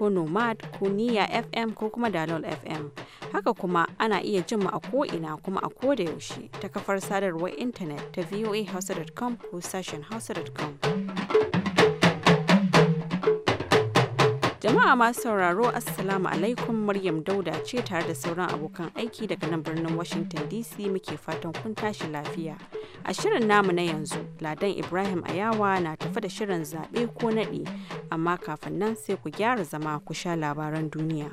ko nomad ko niya fm ko kuma dalol fm haka kuma ana iya jin mu a ko'ina kuma a koda yaushe ta kafar sadarwar intanet ta voa voahausa.com ko sashen hausa.com Jama'a masu sauraro Assalamu alaikum Maryam Dauda ce tare da sauran abokan aiki daga nan birnin Washington DC muke fatan kun tashi lafiya. A shirin namu na yanzu, Ladan Ibrahim Ayawa na tafi da shirin zaɓe ko naɗi, amma kafin nan sai ku gyara zama ku sha labaran duniya.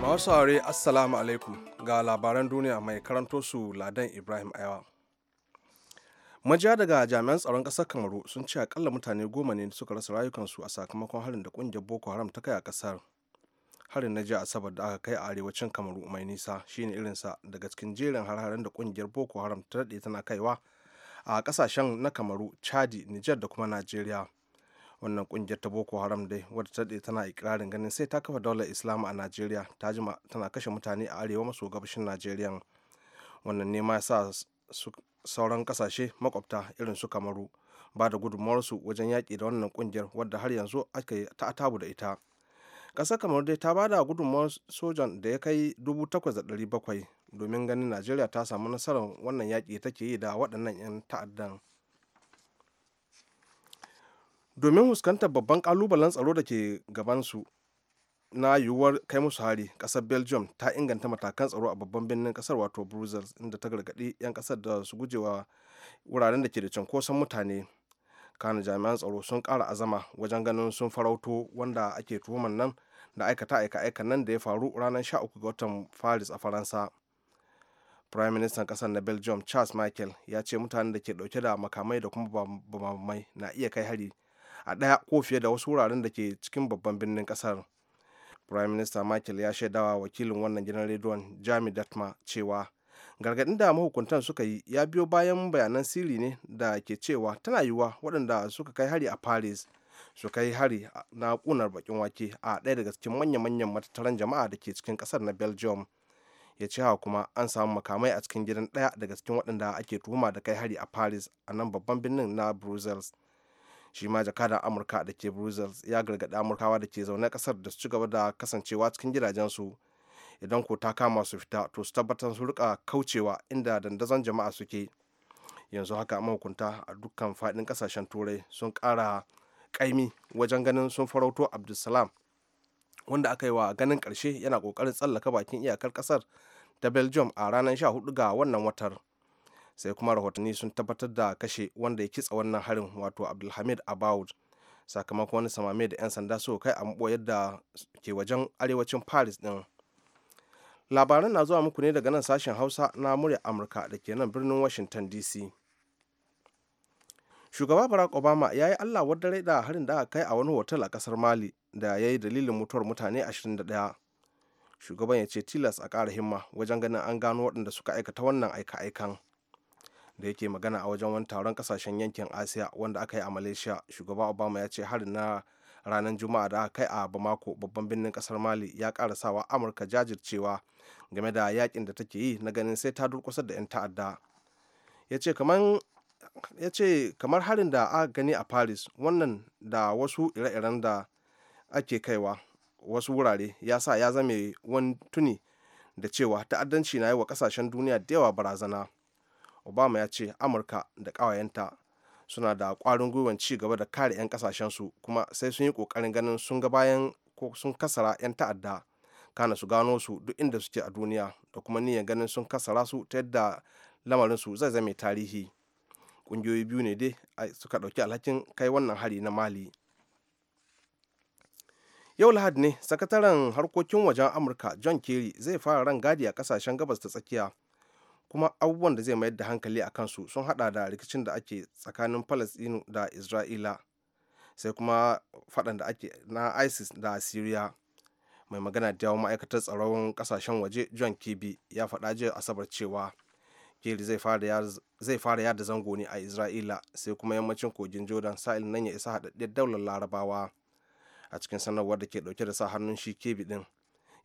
Masu Assalamu alaikum ga labaran duniya mai karanto su Ladan Ibrahim Ayawa. majiya daga jami'an tsaron ƙasar kamaru sun ce akalla mutane goma ne suka rasa rayukansu a sakamakon harin da ƙungiyar boko haram ta kai a ƙasar harin na jiya asabar da aka kai a arewacin kamaru mai nisa shine irinsa daga cikin jerin har-haren da ƙungiyar boko haram ta daɗe tana kaiwa a ƙasashen na kamaru chadi nijar da kuma najeriya wannan ƙungiyar ta boko haram dai wadda ta daɗe tana ikirarin ganin sai ta kafa daular islam a najeriya ta jima tana kashe mutane a arewa maso gabashin najeriya wannan ne ma ya sa sauran kasashe makwabta irin su kamaru ba da gudunmawarsu wajen yaƙi da wannan ƙungiyar wadda har yanzu ake ta atabu da ita ƙasar kamaru dai ta ba da gudunmawar sojan da ya kai dubu da bakwai domin ganin najeriya ta samu nasarar wannan yaƙi take yi da waɗannan 'yan ta'addan domin fuskantar babban ƙalubalen tsaro da ke gabansu na yiwuwar kai musu hari kasar belgium ta inganta matakan tsaro a babban birnin kasar wato brussels inda ta gargaɗi 'yan kasar da su gujewa wuraren da ke da cunkoson mutane kana jami'an tsaro sun kara azama wajen ganin sun farauto wanda ake tuhuman nan da aikata aika-aikan nan da ya faru ranar 13 ga watan faris a faransa prime minister kasar na belgium charles michael ya ce mutanen da ke dauke da makamai da kuma bamamai na iya kai hari a ɗaya ko fiye da wasu wuraren da ke cikin babban birnin kasar prime minister michael ya shaidawa wakilin wannan gidan rediyon jami datma cewa gargadin da mahukuntan suka yi ya biyo bayan bayanan sirri ne da ke cewa tana yiwuwa waɗanda suka kai hari a paris su kai hari na kunar bakin wake a ɗaya daga cikin manya-manyan matattaran jama'a da ke cikin kasar na belgium ya ce hawa kuma an samu makamai a cikin gidan ɗaya daga cikin waɗanda ake tuhuma da kai hari a paris a nan babban birnin na brussels shi ma jakadan amurka da ke brussels ya gargaɗi amurkawa da ke zaune kasar da su ci gaba da kasancewa cikin gidajensu idan ko ta kama su fita to su tabbatar su rika kaucewa inda dandazon jama'a suke yanzu haka mahukunta a dukkan faɗin kasashen turai sun kara ƙaimi wajen ganin sun farauto abdulsalam wanda aka yi wa ganin ƙarshe yana kokarin tsallaka bakin iyakar ƙasar da belgium a ranar 14 ga wannan watar sai kuma rahotanni sun tabbatar da kashe wanda ya kitsa wannan harin wato abdulhamid abaud sakamakon wani samame da 'yan sanda suka kai a maboyar da ke wajen arewacin paris din labaran na zuwa muku ne daga nan sashen hausa na murya amurka da ke nan birnin washington dc shugaba barack obama ya yi allah wadda rai da harin da aka kai a wani hotel a kasar mali da ya yi dalilin mutuwar mutane 21 shugaban ya ce tilas a ƙara himma wajen ganin an gano waɗanda suka aikata wannan aika-aikan da yake magana a wajen wani taron kasashen yankin asiya wanda aka yi a malaysia shugaba obama ya ce harin na ranar juma'a da aka kai a bamako babban birnin kasar mali ya kara sawa amurka jajircewa game da yakin da take yi na ganin sai ta durkusar da 'yan ta'adda ya ce kamar harin da aka gani a paris wannan da wasu ire-iren da ake kaiwa wasu wurare ya sa ya zame wani tuni da cewa ta'addanci na yi wa kasashen duniya da yawa barazana obama ya ce amurka da ƙawayenta suna da ƙwarin gwiwan ci gaba da kare 'yan su kuma sai sun yi ƙoƙarin ganin sun ga bayan ko sun kasara 'yan ta'adda kana su gano su duk inda suke a duniya da kuma niyyar ganin sun kasara su ta yadda lamarin su zai zame tarihi ƙungiyoyi biyu ne dai suka ɗauki alhakin kai wannan hari na mali yau lahadi ne sakataren harkokin wajen amurka john kerry zai fara ran gadi a kasashen gabas ta tsakiya kuma abubuwan da zai mayar da hankali a kansu sun hada da rikicin da ake tsakanin palestino da isra'ila sai kuma fadan da ake na isis da syria mai magana da yawon ma'aikatar tsaron kasashen waje john kibi ya faɗa jiya asabar cewa kiri zai fara yada zango ne a isra'ila sai kuma yammacin kogin jordan sa'il nan ya isa haɗaɗɗiyar daular larabawa a cikin sanarwar da ke ɗauke da sa hannun shi kebi ɗin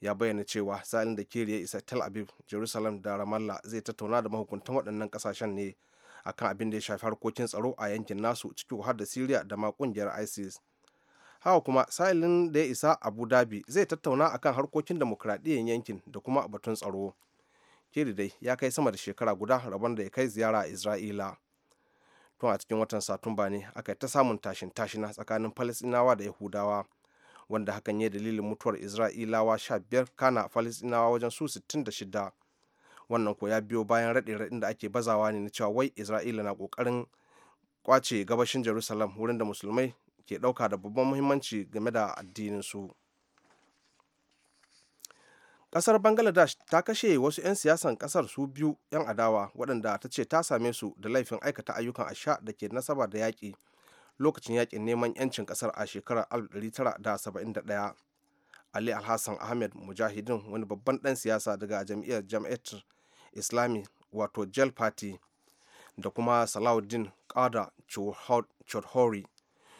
ya bayyana cewa sa'ilin da kiri ya isa tel aviv jerusalem da ramallah zai tattauna da mahukuntan waɗannan ƙasashen ne akan abin da ya shafi harkokin tsaro a yankin nasu ciki har da syria da ma ƙungiyar isis hawa kuma sa'ilin da ya isa abu dhabi zai tattauna akan harkokin demokuraɗiyyar yankin da kuma batun tsaro kiri dai ya kai sama da shekara guda rabon da ya kai ziyara a isra'ila tun a cikin watan satumba ne aka ta samun tashin tashina tsakanin falasinawa da yahudawa wanda hakan ya dalilin mutuwar isra'ilawa 15 kana falisinawa wajen su 66 wannan ko ya biyo bayan raɗe-raɗin da ake bazawa ne na cewa wai isra'ila na ƙoƙarin kwace gabashin jerusalem wurin da musulmai ke ɗauka da babban muhimmanci game da addinin su ƙasar bangladesh ta kashe wasu 'yan siyasan ƙasar su biyu 'yan adawa waɗanda ta ce ta same su da laifin aikata ayyukan asha da ke nasaba da yaƙi lokacin yakin neman 'yancin kasar a shekarar 1971 ali alhassan ahmed mujahidin wani babban dan siyasa daga jam'iyyar jam'iyyar islami wato jel party da kuma salahuddin kada chodhori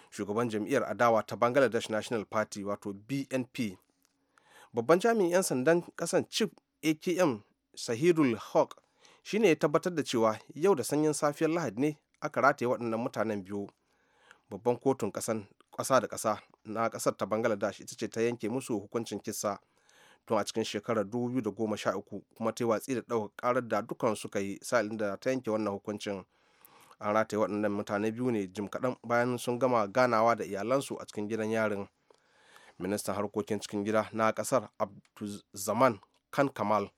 shugaban jam'iyyar adawa ta bangladesh national party wato bnp babban jami'in 'yan sandan kasan chief akm sahirul hawk shine ya tabbatar da cewa yau da sanyin safiyar lahadi ne aka rataye waɗannan mutanen biyu babban kotun ƙasa da ƙasa na ƙasar ta bangladesh ita ce ta yanke musu hukuncin kisa tun a cikin shekarar 2013 kuma ta yi watsi da ɗaukar ƙarar da dukan suka yi sa'ilin da ta yanke wannan hukuncin an rataye waɗannan mutane biyu ne jim kaɗan bayan sun gama ganawa da iyalansu a cikin gidan yarin ministan harkokin cikin gida na ƙasar abdulzaman kan kamal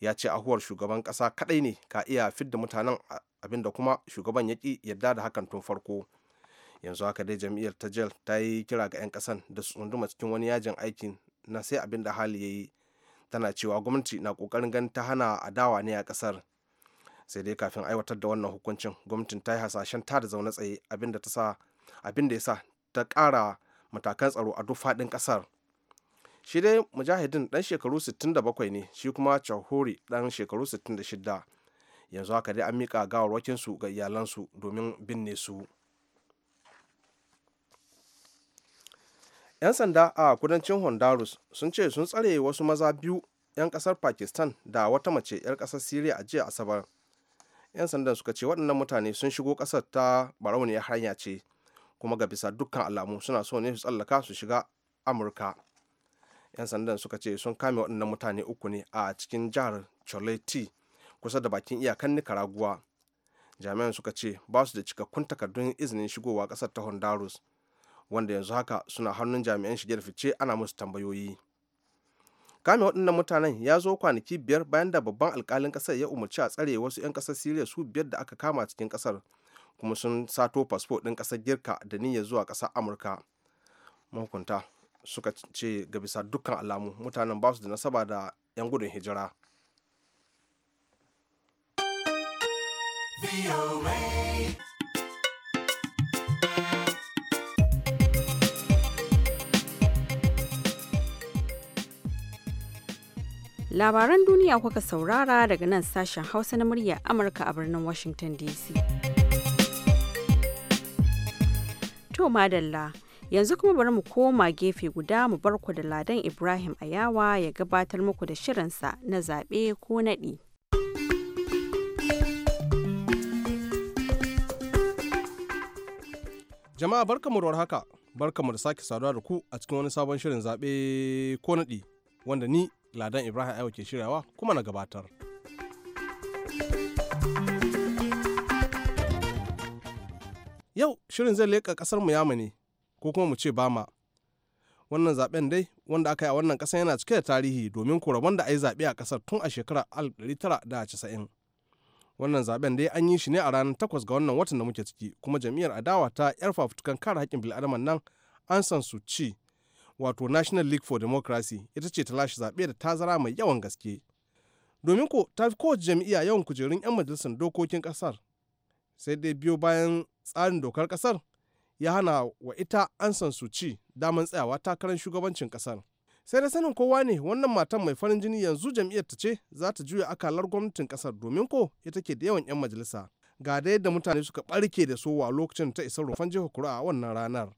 ya ce ahuwar shugaban ƙasa kaɗai ne ka iya fidda mutanen abinda kuma shugaban ya ƙi yadda da hakan tun farko yanzu haka dai jam'iyyar ta jel ta yi kira ga 'yan kasan da su tsunduma cikin wani yajin aiki na sai abin da hali ya yi tana cewa gwamnati na kokarin ganin ta hana a dawa ne a kasar sai dai kafin aiwatar da wannan hukuncin gwamnati ta yi hasashen ta da zaune tsaye abin da ta sa abin da ya sa ta ƙara matakan tsaro a duk faɗin ƙasar shi dai mujahidin ɗan shekaru 67 ne shi kuma chahuri ɗan shekaru 66 yanzu haka dai an miƙa gawarwakinsu ga iyalansu domin binne su. 'yan sanda a kudancin honduras sun ce sun tsare wasu maza biyu 'yan kasar pakistan da wata mace 'yar kasar syria a jiya asabar 'yan sandan suka ce waɗannan mutane sun shigo ƙasar ta barauniyar hanya ce kuma ga bisa dukkan alamu suna so ne su tsallaka su shiga amurka 'yan sandan suka ce sun kame waɗannan mutane uku ne a cikin jihar choleti kusa da bakin iyakan nicaragua jami'an suka ce ba su da cikakkun takardun izinin shigowa ƙasar ta honduras wanda yanzu haka suna hannun jami'an shige da fice ana musu tambayoyi kame waɗannan mutanen ya zo kwanaki biyar bayan da babban alkalin ƙasar ya umarci a tsare wasu 'yan ƙasar siriya su biyar da aka kama cikin ƙasar kuma sun sato fasfo ɗin ƙasar girka da niyyar zuwa ƙasar amurka mahukunta suka ce ga bisa dukkan alamu mutanen ba su da nasaba da 'yan gudun hijira Labaran duniya kuka saurara daga nan sashen Hausa na murya Amurka a birnin Washington DC. To madalla, yanzu kuma bari mu koma gefe guda mu bar ku da Ladan Ibrahim Ayawa ya gabatar muku da shirinsa na zaɓe ko naɗi. Jama'a barkamu da haka, barkamu da sake saduwa da ku a cikin wani sabon shirin zaɓe ko naɗi wanda ni Ladan Ibrahim Aiwa ke shiryawa kuma na gabatar. Yau shirin zai leƙa ƙasar mu Yamani ko kuma mu ce Bama. Wannan zaben dai wanda aka yi a wannan kasar yana cike da tarihi domin kura wanda a yi zaɓe a kasar tun a shekarar 1990. Wannan zaben dai an yi shi ne a ranar 8 ga wannan watan da muke ciki kuma jam'iyyar adawa ta 'yar fafutukan kare haƙƙin bil'adama nan an san su ci wato national league for democracy ita ce ta lashe zaɓe da tazara mai yawan gaske domin ko ta fi kowace jam'iyya yawan kujerun 'yan majalisar dokokin ƙasar sai dai biyo bayan tsarin dokar ƙasar ya hana wa ita an san su ci daman tsayawa takarar shugabancin ƙasar sai da sanin kowa ne wannan matan mai farin jini yanzu jam'iyyar ta ce za ta juya akalar gwamnatin ƙasar domin ko ita ke da yawan 'yan majalisa ga da yadda mutane suka ɓarke da sowa lokacin ta isa rufan jihar a wannan ranar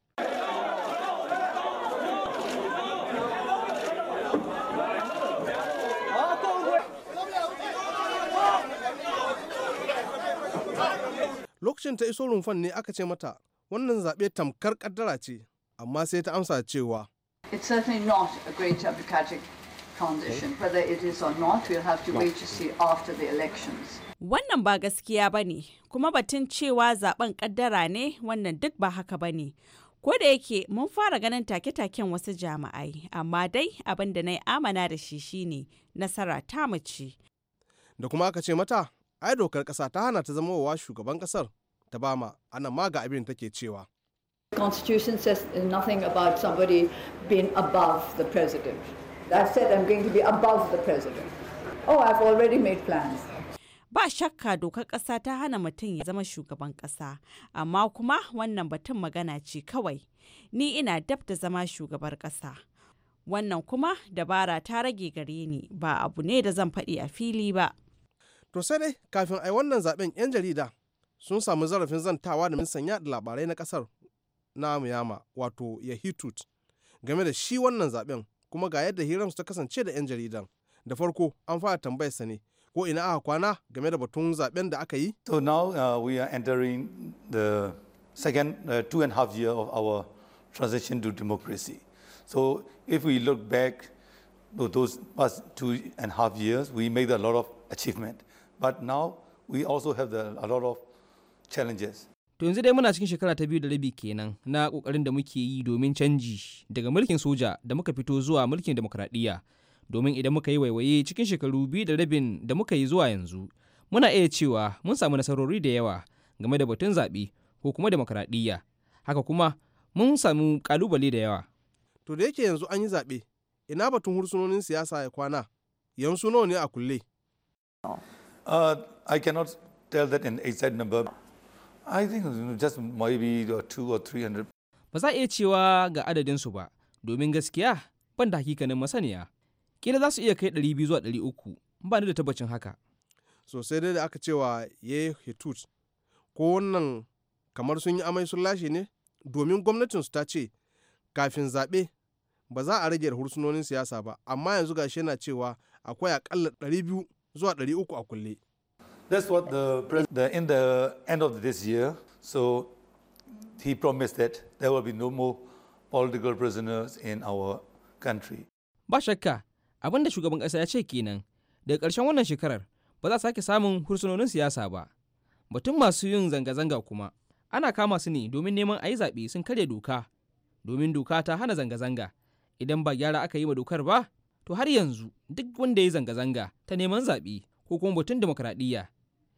lokacin ta iso rumfan ne aka ce mata wannan zaɓe tamkar kaddara ce amma sai ta amsa cewa It's certainly not a great democratic condition. Whether it is or not, we'll have to wait to see after the elections. Wannan ba gaskiya ba ne, kuma batun cewa zaben kaddara ne wannan duk ba haka ba ne. Ko da yake mun fara ganin take-taken wasu jami'ai, amma dai abin da na yi amana da shi shine nasara ta mace. Da kuma aka ce mata ai dokar kasa ta hana ta zama wa shugaban kasar ta bama ana ma ga abin take cewa constitution says nothing about somebody being above the president i said i'm going to be above the president oh i've already made plans ba shakka dokar kasa ta hana mutum ya zama shugaban kasa amma kuma wannan batun magana ce kawai ni ina dab da zama shugabar kasa wannan kuma dabara ta rage gare ni ba abu ne da zan faɗi a fili ba to sai dai kafin a yi wannan zaben yan jarida sun samu zarafin zantawa da ministan yaɗa labarai na kasar na miyama wato yahitut game da shi wannan zaben kuma ga yadda hiramsu ta kasance da yan jaridan da farko an fara tambayar sa ne ko ina aka kwana game da batun zaben da aka yi so now uh, we are entering the second uh, two and a half year of our transition to democracy so if we look back to those past two and a half years we made a lot of achievement But now we also have the, a lot of challenges. To yanzu dai muna cikin shekara ta biyu da rabi kenan na kokarin da muke yi domin canji daga mulkin soja da muka fito zuwa mulkin demokradiyya. Domin idan muka yi waiwaye cikin shekaru biyu da rabin da muka yi zuwa yanzu, muna iya cewa mun samu nasarori da yawa game da batun zaɓe ko kuma demokradiyya. Haka kuma mun samu kalubale da yawa. To da yake yanzu an yi zaɓe, ina batun hursunonin siyasa ya kwana, yanzu nawa ne a kulle. Uh, I cannot tell that in exact number. I think just maybe two or three hundred. Ba za a iya cewa ga adadinsu ba, domin gaskiya ban da hakikanin masaniya. Kila za su iya kai ɗari biyu zuwa ɗari uku ba ni da tabbacin haka. So sai dai da aka cewa ya yi hitut, ko wannan kamar sun yi amai sun lashe ne, domin gwamnatinsu ta ce kafin zaɓe ba za a rage hursunonin siyasa ba, amma yanzu gashi yana cewa akwai akalla biyu. zuwa 300 a kulle. That's what the president in the end of this year so he promised that there will be no more political prisoners in our country. Ba shakka abinda shugaban ƙasa ya ce kenan daga ƙarshen wannan shekarar ba za sake samun hursunonin siyasa ba. Batun masu yin zanga-zanga kuma ana kama su ne domin neman a yi zaɓe sun karya doka domin doka ta hana zanga-zanga idan ba gyara aka yi wa dokar ba to har yanzu duk wanda ya zanga-zanga ta neman zaɓe ko kuma batun demokradiyya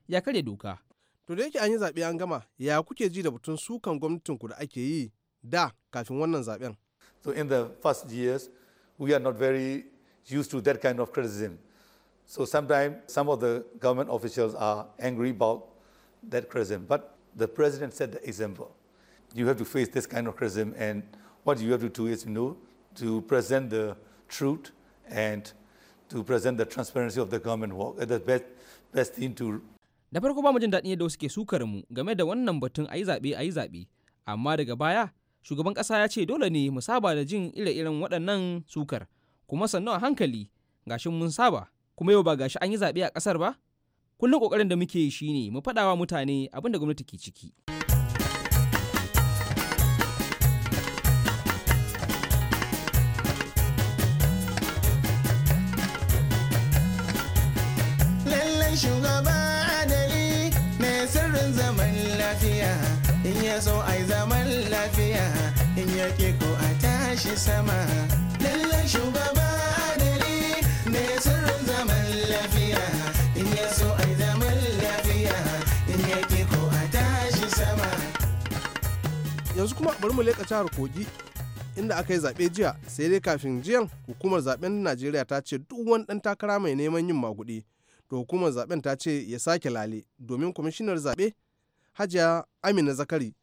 ya karya doka. To da yake an yi zaɓe an gama ya kuke ji da batun sukan gwamnatin ku da ake yi da kafin wannan zaɓen. So in the first years we are not very used to that kind of criticism. So sometimes some of the government officials are angry about that criticism. But the president set the example. You have to face this kind of criticism and what you have to do is you know, to present the truth and to present the transparency of the government work at uh, the best, best thing to da farko ba mu jin daɗin yadda suke sukar mu game da wannan batun ayi zaɓe ayi zaɓe amma daga baya shugaban kasa ya ce dole ne mu saba da jin ire-iren waɗannan sukar kuma sannan a hankali gashi mun saba kuma yau ba gashi an yi zaɓe a kasar ba kullum kokarin da muke yi shine mu wa mutane abin da gwamnati ke ciki. shi shugaba adali ne sirrin zaman yanzu kuma bari mu leƙa jihar kogi inda aka yi zaɓe jiya sai dai kafin jiyan hukumar zaɓen najeriya ta ce duk wani ɗan takara mai neman yin maguɗi to hukumar zaɓen ta ce ya sake lale domin kwamishinar zaɓe hajiya amina zakari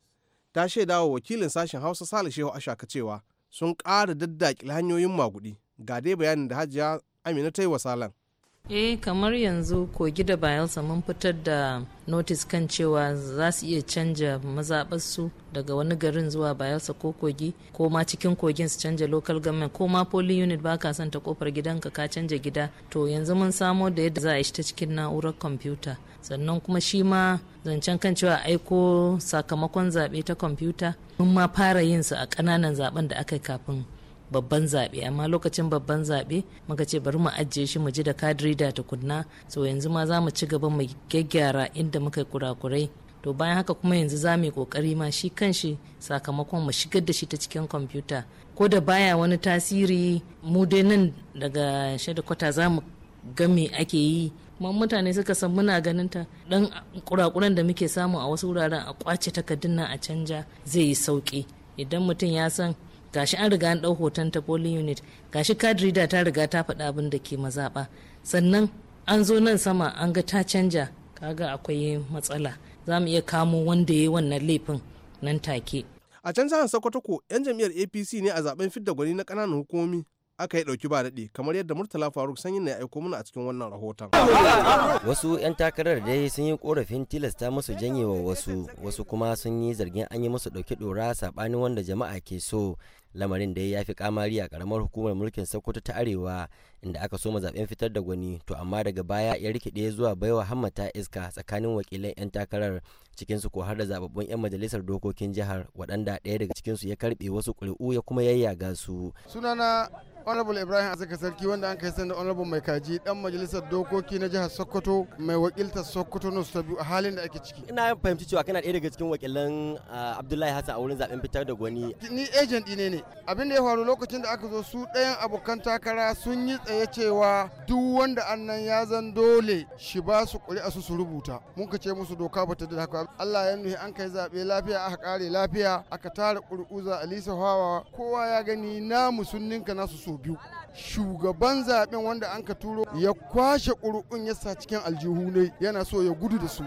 ta shaidawa wakilin sashen hausa sale shehu ashaka cewa sun ƙara daddakile hanyoyin maguɗi ga dai bayanin da hajiya amina ta yi wa salan eh kamar yanzu kogi da bayelsa mun fitar da notice kan cewa za su iya canja mazaɓarsu daga wani garin zuwa bayelsa ko kogi ko ma cikin kogin su canja local government ko ma polling unit ba ka son ta kofar gidanka ka canja gida to yanzu mun samo da yadda za a yi ta cikin na'urar kwamfuta sannan kuma shi ma zancen kan cewa aiko sakamakon zaɓe ta kwamfuta mun ma fara yin su a ƙananan zaben da aka yi kafin babban zaɓe amma lokacin babban zaɓe muka ce bari mu ajiye shi mu ji da kadiri ta kunna so yanzu ma za mu ci gaba mu gyaggyara inda muka yi kurakurai to bayan haka kuma yanzu za mu yi kokari ma shi kanshi sakamakon mu shigar da shi ta cikin kwamfuta ko da baya wani tasiri mu dai nan daga shadakwata za mu ga me ake yi man mutane suka san muna ganin ta dan kurakuran da muke samu a wasu wuraren a kwace takardun a canja zai yi sauki idan mutum ya san gashi an riga an dau hoton ta polling unit gashi card reader ta riga ta faɗa abin da ke mazaɓa sannan an zo nan sama an ga ta canja kaga akwai matsala za mu iya kamo wanda ya yi wannan laifin nan take a can jihar sokoto ko yan jam'iyyar apc ne a zaben fidda gwani na kananan hukumomi aka yi ɗauki ba daɗi kamar yadda murtala faruk sanyin ya aiko mana a cikin wannan rahoton wasu 'yan takarar dai sun yi korafin tilasta musu janyewa wasu wasu kuma sun yi zargin an yi musu ɗauki ɗora saɓanin wanda jama'a ke so lamarin da ya fi kamari a karamar hukumar mulkin sokoto ta arewa inda aka soma zaben fitar da gwani to amma daga baya ya rikide zuwa baiwa hammata iska tsakanin wakilan 'yan takarar cikinsu ko har da zababbun 'yan majalisar dokokin jihar waɗanda ɗaya daga cikinsu ya karɓe wasu ƙuri'u ya kuma yayyaga su sunana honorable ibrahim azaka sarki wanda an kai sanda honorable mai kaji dan majalisar dokoki na jihar sokoto mai wakiltar sokoto na su biyu a halin da ake ciki ina fahimci cewa kana ɗaya daga cikin wakilan ah, abdullahi hassan a wurin zaben fitar da gwani ni agent ɗine ne abin da ya faru lokacin da aka zo su ɗayan abokan takara sun yi tsaye cewa duk wanda annan ya zan dole shi ba su ƙuri'a su su rubuta mun ka ce musu doka ta da haka Allah ya nuhi an kai zaɓe lafiya aka ƙare lafiya aka tara ƙurƙuza alisa hawa kowa ya gani namu sunninka nasu su kaso biyu shugaban zaben wanda an ka turo ya kwashe ƙuri'un ya sa cikin aljihu ne yana so ya gudu da su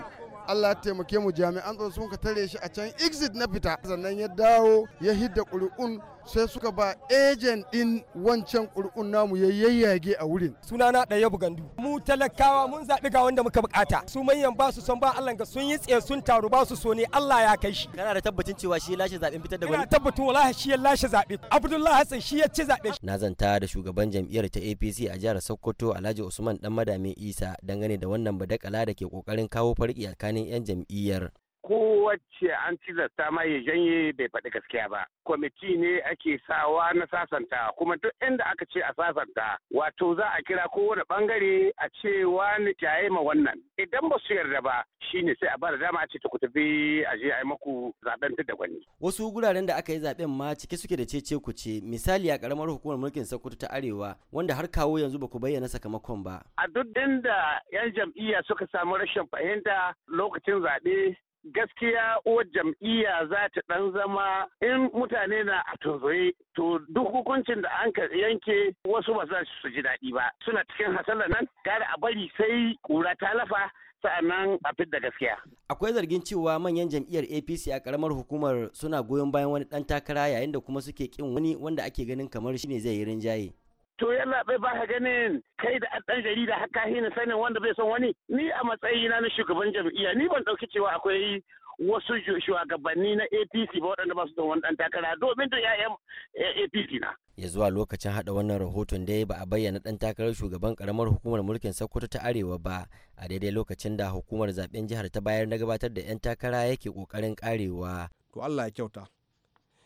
Allah taimake mu jami'an tsaro sun ka tare shi a can exit na fita sannan ya dawo ya hidda ƙuri'un sai suka ba ejen din wancan ƙuri'un namu ya yayyage a wurin. Sunana ɗaya bugandu. Mu talakawa mun zaɓi ga wanda muka buƙata. Su manyan ba su son ba Allah ga sun yi tsaye sun taru ba su so ne Allah ya kai shi. Kana da tabbacin cewa shi lashe zaɓen fitar da gwani? Ina wallahi shi ya lashe zaɓe. Abdullahi Hassan shi ya ci zaɓe. Na zanta da shugaban jam'iyyar ta APC a jihar Sokoto Alhaji Usman Dan madami Isa dangane da wannan badakala da ke kokarin kawo farki tsakanin 'yan jam'iyyar. kowace an tilasta ma ya janye bai faɗi gaskiya ba. Kwamiti ne ake sawa na sasanta kuma duk inda aka ce a sasanta wato za a kira kowane bangare a ce wani jaye ma wannan. Idan ba su yarda ba shine sai a bada dama a ce ta ku a je a yi maku zaben da gwani. Wasu guraren da aka yi zaben ma cike suke da cece ku ce misali a karamar hukumar mulkin Sokoto ta Arewa wanda har kawo yanzu ba ku bayyana sakamakon ba. A duk inda 'yan jam'iyya suka samu rashin fahimta lokacin zaɓe gaskiya uwar jam'iyya za ta ɗan zama in mutane na a tunzoye to duk hukuncin da an yanke wasu ba za su ji daɗi ba suna cikin hasala nan gara a bari sai kura ta lafa sa'annan a fidda gaskiya. Akwai zargin cewa manyan jam'iyyar APC a karamar hukumar suna goyon bayan wani ɗan takara yayin da kuma suke ƙin wani wanda ake ganin kamar shine zai yi rinjaye. To yalla bai ba ka ganin kai da ɗan jarida haka ne sanin wanda bai son wani ni a matsayina na shugaban jam'iyya ni ban ɗauki cewa akwai wasu shugabanni na APC ba waɗanda ba su son wani ɗan takara domin da ya'yan eh, APC na. Ya zuwa lokacin haɗa wannan rahoton da ba a bayyana ɗan takarar shugaban karamar hukumar mulkin Sokoto ta Arewa ba a daidai lokacin da hukumar zaben jihar ta bayar na gabatar da 'yan takara yake kokarin karewa To Allah ya kyauta.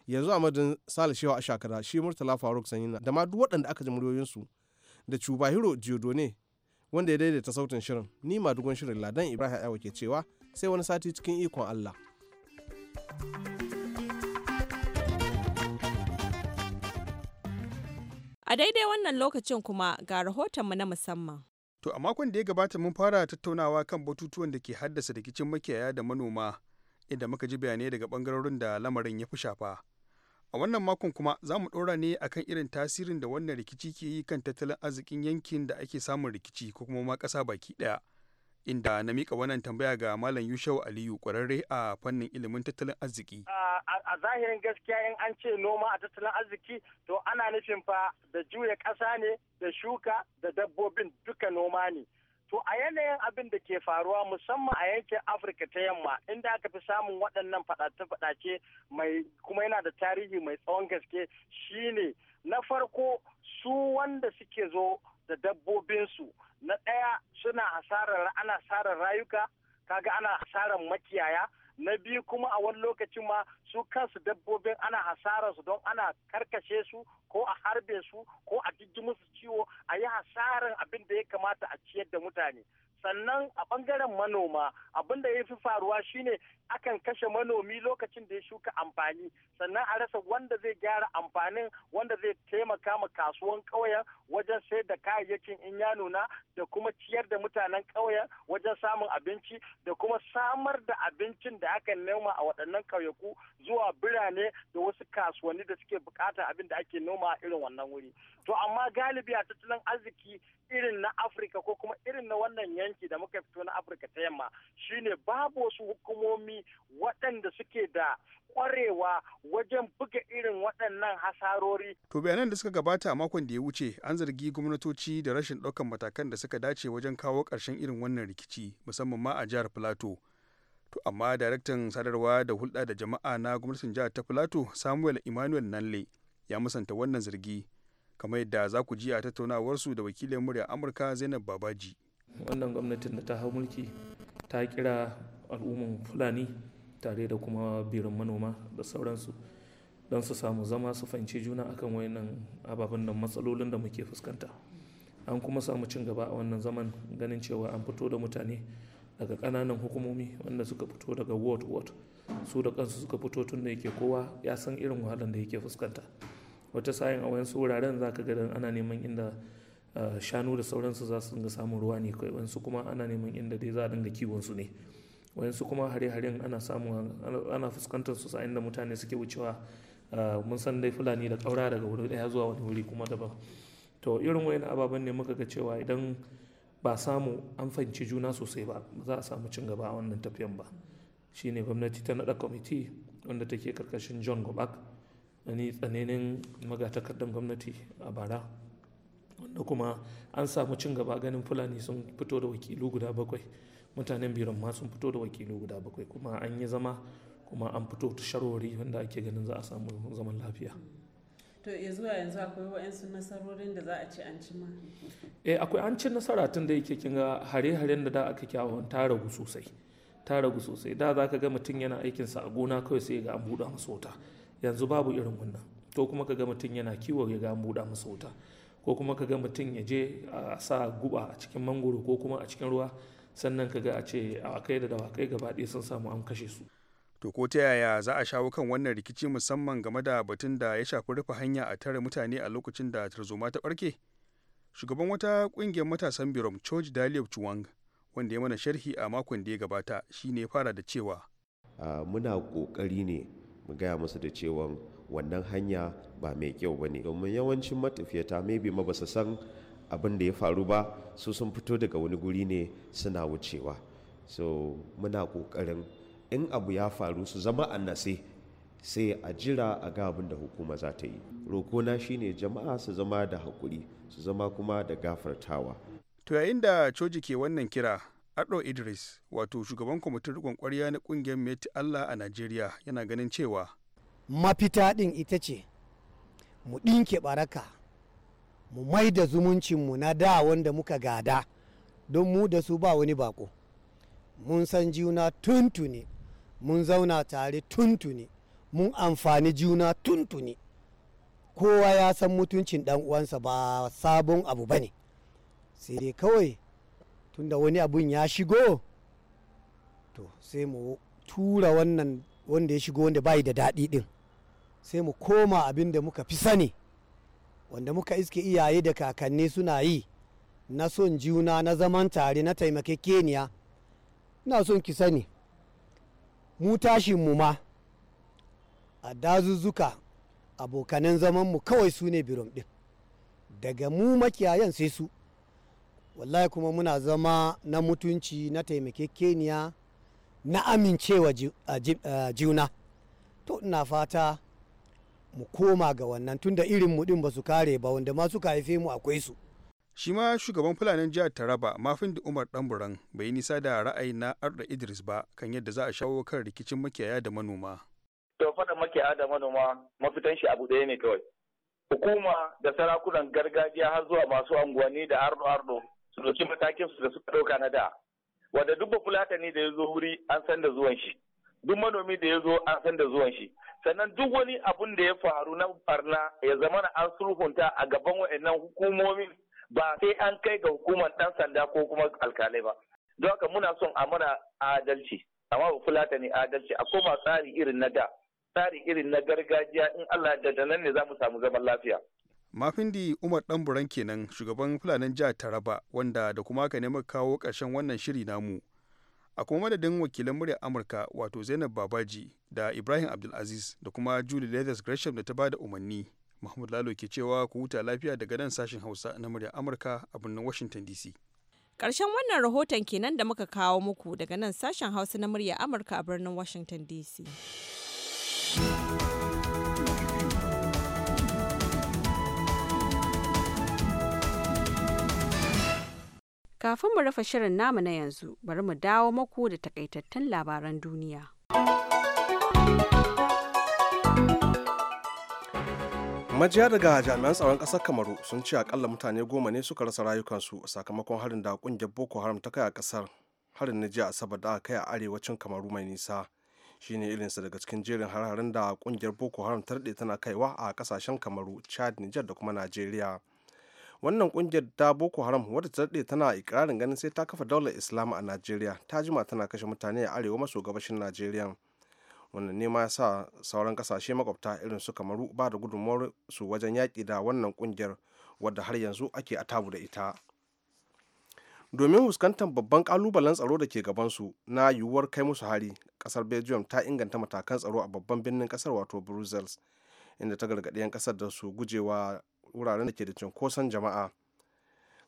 yanzu a madadin sale shewa a shakara shi murtala faruk sanyi da ma duk waɗanda aka ji muryoyinsu da cubahiro ne wanda ya daidaita sautin shirin ni ma madugon shirin ladan ibrahim ayawa ke cewa sai wani sati cikin ikon allah a daidai wannan lokacin kuma ga rahotonmu na musamman to a makon da ya gabata mun fara tattaunawa kan batutuwan da ke haddasa rikicin makiyaya da manoma inda muka ji bayanai daga bangarorin da lamarin ya fi shafa A wannan makon kuma za mu ɗora ne akan irin tasirin da wannan rikici ke yi kan tattalin arzikin yankin da ake samun rikici ko kuma ma ƙasa baki ɗaya. Inda na mika wannan tambaya ga Malam Yushau Aliyu ƙwararre a fannin ilimin tattalin arziki. A zahirin gaskiya in an ce noma a tattalin arziki to ana nufin fa da juya ƙasa ne da shuka da dabbobin duka noma ne. To a yanayin abin da ke faruwa musamman a yankin Afirka ta yamma inda aka fi samun waɗannan faɗace-faɗace mai kuma yana da tarihi mai tsawon gaske shine na farko su wanda suke zo da dabbobinsu na ɗaya suna hasarar ana hasarar rayuka kaga ana hasarar makiyaya na biyu kuma a wani lokacin ma su kansu dabbobin ana hasarar su don ana karkashe su ko a harbe su ko a jijji musu ciwo a yi hasarar abin da ya kamata a ciyar da mutane sannan a bangaren manoma abin da ya fi faruwa shine akan kashe manomi lokacin da ya shuka amfani sannan a rasa wanda zai gyara amfanin wanda zai taimaka ma kasuwan ƙauyen wajen sayar da kayayyakin in ya nuna da kuma ciyar da mutanen ƙauyen wajen samun abinci da kuma samar da abincin da aka noma a waɗannan ƙauyaku zuwa birane da wasu kasuwanni da suke buƙatar abin da ake noma a irin wannan wuri to amma galibi a tattalin arziki irin na afirka ko kuma irin na wannan yanki da muka fito na afirka ta yamma shine babu wasu hukumomi waɗanda suke da ƙwarewa wajen buga irin waɗannan hasarori. To bayanan da suka gabata a makon da ya wuce an zargi gwamnatoci da rashin ɗaukan matakan da suka dace wajen kawo ƙarshen irin wannan rikici musamman ma a jihar Filato. To amma daraktan sadarwa da hulɗa da jama'a na gwamnatin jihar ta Filato Samuel Emmanuel Nanle ya musanta wannan zargi. kamar yadda za ku ji a tattaunawarsu da wakilin murya amurka zainab babaji wannan gwamnatin da ta hau mulki ta kira al'umman fulani tare da kuma birin manoma da sauransu don su samu zama su fahimci juna akan wayannan ababen da matsalolin da muke fuskanta an kuma samu cin gaba a wannan zaman ganin cewa an fito da mutane daga kananan hukumomi wanda suka fito daga ward ward su da kansu suka fito tun da yake kowa ya san irin wahalar da yake fuskanta wata sa'in a wayansu wuraren za ka ga ana neman inda eh, shanu da sauransu za su dinga samun ruwa ne kawai wayansu kuma ana neman inda dai za a dinga kiwon su ne wayansu kuma hare-haren ana samu ana fuskantar su sa'in da mutane suke wucewa eh, mun san dai fulani da ƙaura daga wuri ɗaya zuwa wani wuri kuma daban to irin wayan ababen ne muka ga cewa idan ba samu an fahimci juna sosai ba za a samu cin gaba a wannan tafiyan ba shine gwamnati ta naɗa kwamiti wanda take karkashin john gobak ni tsananin magatakardan gwamnati a bara wanda kuma an samu cin gaba ganin fulani sun fito da wakilu guda bakwai mutanen biron ma sun fito da wakilu guda bakwai kuma an yi zama kuma an fito ta sharori wanda ake ganin za a samu zaman lafiya to ya zuwa yanzu akwai wa'yansu nasarorin da za a ci an ci ma eh akwai an ci nasara tun da yake kinga hare-haren da da aka wani ta ragu sosai ta ragu sosai da za ka ga mutum yana aikinsa a gona kawai sai ga an buɗe masa wuta yanzu babu irin wannan ko kuma ka ga mutum yana kiwo ya ga buɗa masa wuta ko kuma ka ga mutum ya je a sa guba a cikin mangoro ko kuma a cikin ruwa sannan ka ga a ce awakai da dawakai gaba ɗaya sun samu an kashe su to ko ta yaya za a shawo kan wannan rikici musamman game da batun da ya shafi rufe hanya a tare mutane a lokacin da tarzoma ta barke shugaban wata kungiyar matasan birom george daliop chuang wanda ya mana sharhi a makon da ya gabata shine fara da cewa ah, muna kokari ne mu gaya musu da cewa wannan hanya ba mai kyau ba ne domin yawancin matafiyata maybe ma ba su san abin da ya faru ba su sun fito daga wani guri ne suna wucewa so muna ƙoƙarin in abu ya faru su zama a annase sai a jira a ga abin da hukuma za ta yi rokona shine jama'a su zama da haƙuri su zama kuma da gafartawa to yayin da coji ke wannan kira Addo Idris, wato shugaban kwamitin rikon kwarya na kungiyar Meti Allah a Najeriya yana ganin cewa. Mafita ɗin ita ce, mu ɗinke baraka, mu mai da zumuncin mu na da wanda muka gada don mu da su ba wani bako. Mun san juna tuntuni, mun zauna tare tuntuni, mun amfani juna tuntuni. Kowa ya san mutuncin dan uwansa ba sabon abu bane Sai dai kawai tunda wani abun ya shigo to sai mu tura wannan wanda ya shigo wanda bai da daɗi ɗin sai mu koma abin da muka fi sani wanda muka iske iyaye da kakanni suna yi na son juna na zaman tare na taimake taimakekeniya na son ki sani mu tashin mu ma a dazuzzuka abokanan zaman mu kawai su ne birom ɗin daga mu makiyayan sai su wallahi kuma muna zama na mutunci na keniya na amincewa juna to ina fata mu koma ga wannan tunda irin mu din ba su kare ba wanda ma suka haife mu akwai su shi ma shugaban fulanin jihar taraba mafin da umar buran bai yi nisa da ra'ayi na arda idris ba kan yadda za a shawo kan rikicin makiyaya da manoma to faɗa makiyaya da manoma mafitan shi abu ɗaya ne kawai hukuma da sarakunan gargajiya har zuwa masu anguwanni da ardo ardo su ɗauki matakin su da suka ɗauka na da wanda duk bafulata ne da ya zo wuri an san da zuwan shi duk manomi da ya zo an san da zuwan shi sannan duk wani abun da ya faru na barna ya zama na an sulhunta a gaban wa'annan hukumomi ba sai an kai ga hukumar ɗan sanda ko kuma alkalai ba don haka muna son a mana adalci amma ba ne adalci a koma tsari irin na da tsari irin na gargajiya in Allah da nan ne za mu samu zaman lafiya. Mafindi Umar ɗan buran kenan shugaban Fulanin jihar Taraba wanda da kuma ka nemi kawo ƙarshen wannan shiri namu. A kuma madadin wakilan murya Amurka wato Zainab Babaji da Ibrahim Abdulaziz da kuma Julie Leathers Gresham da ta ba da umarni. Mahmud Lalo ke cewa ku huta lafiya daga nan sashen Hausa na murya Amurka a birnin Washington DC. Ƙarshen wannan rahoton kenan da muka kawo muku daga nan sashen Hausa na murya Amurka a birnin Washington DC. Kafin mu rufe shirin namu na yanzu, bari mu dawo maku da takaitattun labaran duniya. majiya daga jami'an tsaron ƙasar kamaru sun ce akalla mutane goma ne suka rasa rayukansu sakamakon harin da ƙungiyar boko haram ta kai a ƙasar harin na jiya asabar da aka kai a arewacin kamaru mai nisa shine irinsa daga cikin jerin har-harin da ƙungiyar boko haram ta daɗe tana kaiwa a ƙasashen kamaru chad niger da kuma nigeria. wannan kungiyar ta boko haram wadda ta daɗe tana ikirarin ganin sai ta kafa daular islam a najeriya ta jima tana kashe mutane a arewa maso gabashin najeriya wannan ne ma sa sauran kasashe makwabta irin su kamaru ba da gudunmuwar su wajen yaƙi da wannan kungiyar wadda har yanzu ake a tabu da ita domin fuskantar babban kalubalen tsaro da ke gabansu na yiwuwar kai musu hari kasar belgium ta inganta matakan tsaro a babban birnin kasar wato brussels inda ta gargaɗi 'yan kasar da su gujewa wuraren da ke da cunkoson jama'a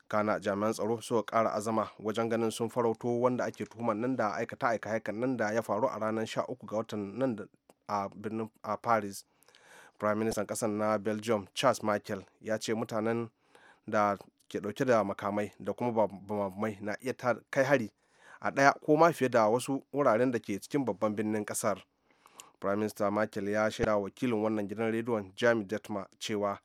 kana jami'an tsaro suka kara azama wajen ganin sun farauto wanda ake tuhumar nan da aikata aika haikan nan da ya faru a ranar sha uku ga watan nan a birnin a paris prime minister kasar na belgium charles michael ya ce mutanen da ke dauke da makamai da kuma mai na iya kai hari a ɗaya ko ma fiye da wasu wuraren da ke cikin babban birnin kasar prime minister michael ya shaida wakilin wannan gidan rediyon jamie detmer cewa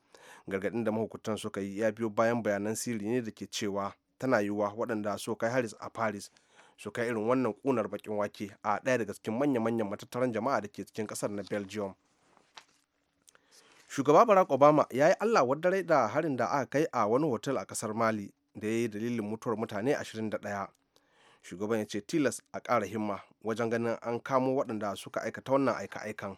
gargadin da mahukuntan suka yi ya biyo bayan bayanan sirri ne da ke cewa tana yiwuwa waɗanda so kai haris a paris su kai irin wannan kunar bakin wake a ɗaya daga cikin manya-manyan matattaran jama'a da ke cikin ƙasar na belgium shugaba barack obama ya yi allah wadare da harin da aka kai a wani hotel a kasar mali da ya yi dalilin mutuwar mutane 21 shugaban ya ce tilas a ƙara himma wajen ganin an kamo waɗanda suka aikata wannan aika-aikan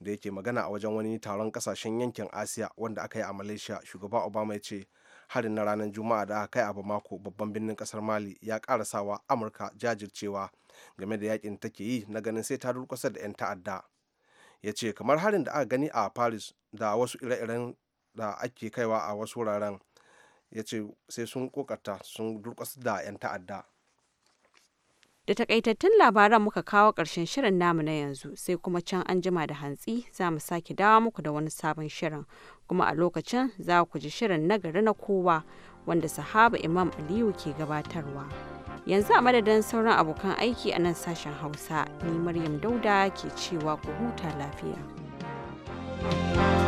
da yake magana a wajen wani taron kasashen yankin asiya wanda aka yi a malaysia shugaba obama ya ce harin na ranar juma'a da aka kai a bamako babban birnin kasar mali ya karasawa amurka jajircewa game da yakin take yi na ganin sai ta durkusa da 'yan ta'adda ya ce kamar harin da aka gani a paris da wasu ire-iren da ake kaiwa a wasu wuraren ya ce sai sun kokata sun durkusa da 'yan ta'adda Da takaitattun labaran muka kawo ƙarshen shirin namu na yanzu sai kuma can an jima da hantsi za mu sake dawo muku da wani sabon shirin kuma a lokacin za ku ji shirin na gari na kowa wanda sahaba Imam Aliyu ke gabatarwa. Yanzu a madadin sauran abokan aiki a nan sashen Hausa, ni Maryam Dauda ke cewa ku huta lafiya. thank you